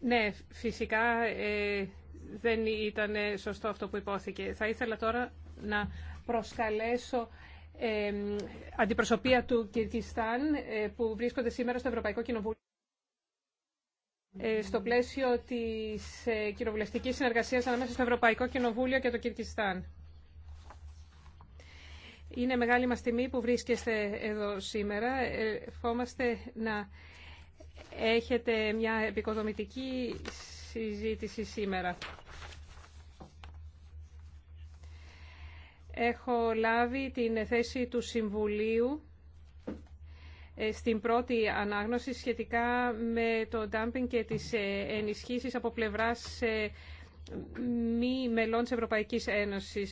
Ναι, φυσικά ε, δεν ήταν σωστό αυτό που υπόθηκε. Θα ήθελα τώρα να προσκαλέσω ε, αντιπροσωπεία του Κυρκιστάν ε, που βρίσκονται σήμερα στο Ευρωπαϊκό Κοινοβούλιο στο πλαίσιο της κοινοβουλευτικής συνεργασίας ανάμεσα στο Ευρωπαϊκό Κοινοβούλιο και το Κυρκιστάν. Είναι μεγάλη μας τιμή που βρίσκεστε εδώ σήμερα. Ευχόμαστε να έχετε μια επικοδομητική συζήτηση σήμερα. Έχω λάβει την θέση του Συμβουλίου ε, στην πρώτη ανάγνωση σχετικά με το dumping και τις ε, ενισχύσεις από πλευράς ε, μη μελών της Ευρωπαϊκής Ένωσης.